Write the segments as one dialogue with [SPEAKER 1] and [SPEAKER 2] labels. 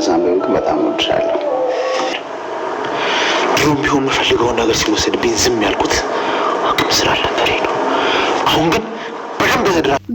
[SPEAKER 1] እንደዛም ቢሆን ግን በጣም ወድሻለሁ። ድሮም ቢሆን የምፈልገውን ነገር ሲወሰድብኝ ዝም ያልኩት አቅም ስላልነበረኝ ነው። አሁን ግን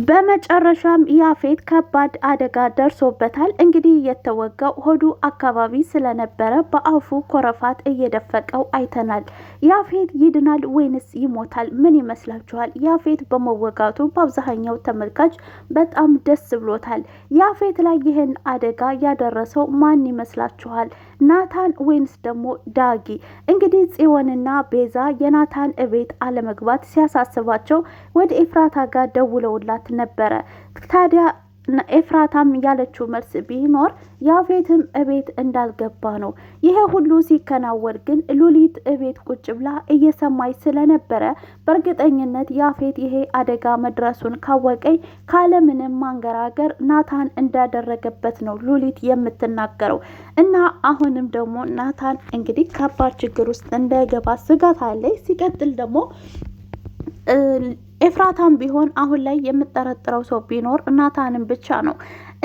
[SPEAKER 2] በመጨረሻም ያፌት ከባድ አደጋ ደርሶበታል። እንግዲህ የተወጋው ሆዱ አካባቢ ስለነበረ በአፉ ኮረፋት እየደፈቀው አይተናል። ያፌት ይድናል ወይንስ ይሞታል? ምን ይመስላችኋል? ያፌት በመወጋቱ በአብዛኛው ተመልካች በጣም ደስ ብሎታል። ያፌት ላይ ይህን አደጋ ያደረሰው ማን ይመስላችኋል? ናታን ወይንስ ደግሞ ዳጊ? እንግዲህ ጽዮንና ቤዛ የናታን እቤት አለመግባት ሲያሳስባቸው ወደ ኤፍራታ ጋር ደው ደውለውላት ነበረ። ታዲያ ኤፍራታም ያለችው መልስ ቢኖር ያፌትም እቤት እንዳልገባ ነው። ይሄ ሁሉ ሲከናወን ግን ሉሊት እቤት ቁጭ ብላ እየሰማች ስለነበረ በእርግጠኝነት ያፌት ይሄ አደጋ መድረሱን ካወቀኝ ካለምንም ማንገራገር ናታን እንዳደረገበት ነው ሉሊት የምትናገረው። እና አሁንም ደግሞ ናታን እንግዲህ ከባድ ችግር ውስጥ እንዳይገባ ስጋት አለ ሲቀጥል ደግሞ ኤፍራታም ቢሆን አሁን ላይ የምጠረጥረው ሰው ቢኖር ናታንን ብቻ ነው።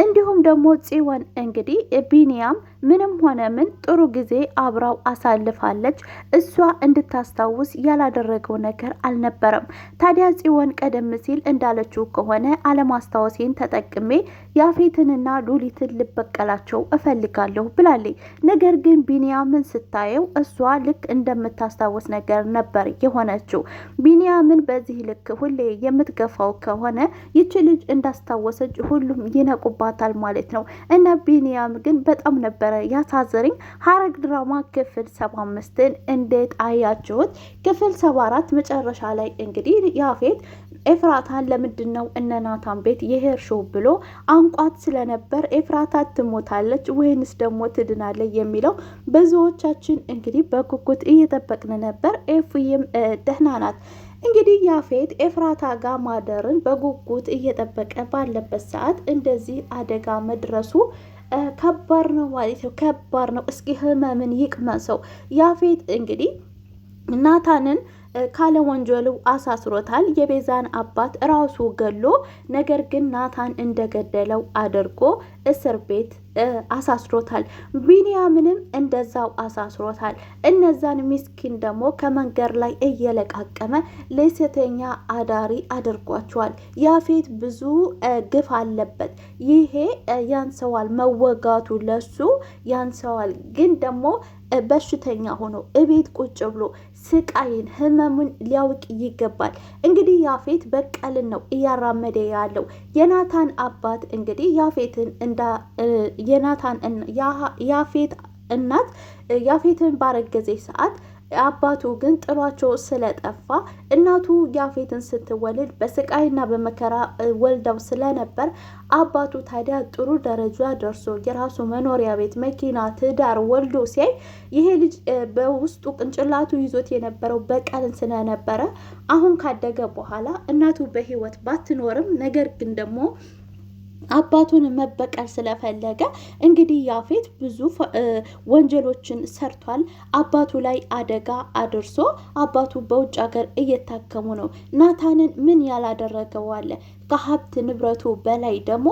[SPEAKER 2] እንዲሁም ደግሞ ጽዮን እንግዲህ ቢኒያም ምንም ሆነ ምን ጥሩ ጊዜ አብራው አሳልፋለች። እሷ እንድታስታውስ ያላደረገው ነገር አልነበረም። ታዲያ ጽዮን ቀደም ሲል እንዳለችው ከሆነ አለማስታወሴን ተጠቅሜ ያፌትንና ሉሊትን ልበቀላቸው እፈልጋለሁ ብላለች። ነገር ግን ቢንያምን ስታየው እሷ ልክ እንደምታስታውስ ነገር ነበር የሆነችው። ቢንያምን በዚህ ልክ ሁሌ የምትገፋው ከሆነ ይቺ ልጅ እንዳስታወሰች ሁሉም ይነቁባታል ማለት ነው። እነ ቢንያም ግን በጣም ነበረ ያሳዘረኝ። ሐረግ ድራማ ክፍል ሰባ አምስትን እንዴት አያችሁት? ክፍል ሰባ አራት መጨረሻ ላይ እንግዲህ ያፌት ኤፍራታን ለምንድን ነው እነ ናታን ቤት የሄድሽው ብሎ አንቋት ስለነበር ኤፍራታ ትሞታለች ወይንስ ደግሞ ትድናለች የሚለው ብዙዎቻችን እንግዲህ በጉጉት እየጠበቅን ነበር። ኤፉዬም ደህና ናት እንግዲህ ያፌት ኤፍራታ ጋር ማደርን በጉጉት እየጠበቀ ባለበት ሰዓት እንደዚህ አደጋ መድረሱ ከባድ ነው ማለት ነው። ከባድ ነው። እስኪ ህመምን ይቅመን ሰው። ያፌት እንግዲህ ናታንን ካለ ወንጀሉ አሳስሮታል። የቤዛን አባት ራሱ ገሎ ነገር ግን ናታን እንደገደለው አድርጎ እስር ቤት አሳስሮታል። ቢንያምንም እንደዛው አሳስሮታል። እነዛን ሚስኪን ደግሞ ከመንገድ ላይ እየለቃቀመ ለሴተኛ አዳሪ አድርጓቸዋል። ያፌት ብዙ ግፍ አለበት። ይሄ ያንሰዋል፣ መወጋቱ ለሱ ያንሰዋል። ግን ደግሞ በሽተኛ ሆኖ እቤት ቁጭ ብሎ ስቃይን ህመሙን ሊያውቅ ይገባል። እንግዲህ ያፌት በቀልን ነው እያራመደ ያለው። የናታን አባት እንግዲህ ያፌትን የናታን ያፌት እናት ያፌትን ባረገዜ ሰዓት አባቱ ግን ጥሏቸው ስለጠፋ እናቱ ያፌትን ስትወልድ በስቃይና በመከራ ወልደው ስለነበር አባቱ ታዲያ ጥሩ ደረጃ ደርሶ የራሱ መኖሪያ ቤት፣ መኪና፣ ትዳር ወልዶ ሲያይ ይሄ ልጅ በውስጡ ቅንጭላቱ ይዞት የነበረው በቀልን ስለነበረ አሁን ካደገ በኋላ እናቱ በሕይወት ባትኖርም ነገር ግን ደግሞ አባቱን መበቀል ስለፈለገ እንግዲህ ያፌት ብዙ ወንጀሎችን ሰርቷል። አባቱ ላይ አደጋ አድርሶ አባቱ በውጭ ሀገር እየታከሙ ነው። ናታንን ምን ያላደረገው አለ? ከሀብት ንብረቱ በላይ ደግሞ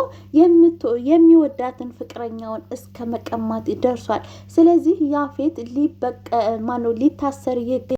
[SPEAKER 2] የሚወዳትን ፍቅረኛውን እስከ መቀማት ደርሷል። ስለዚህ ያፌት ሊበቀ ማነው ሊታሰር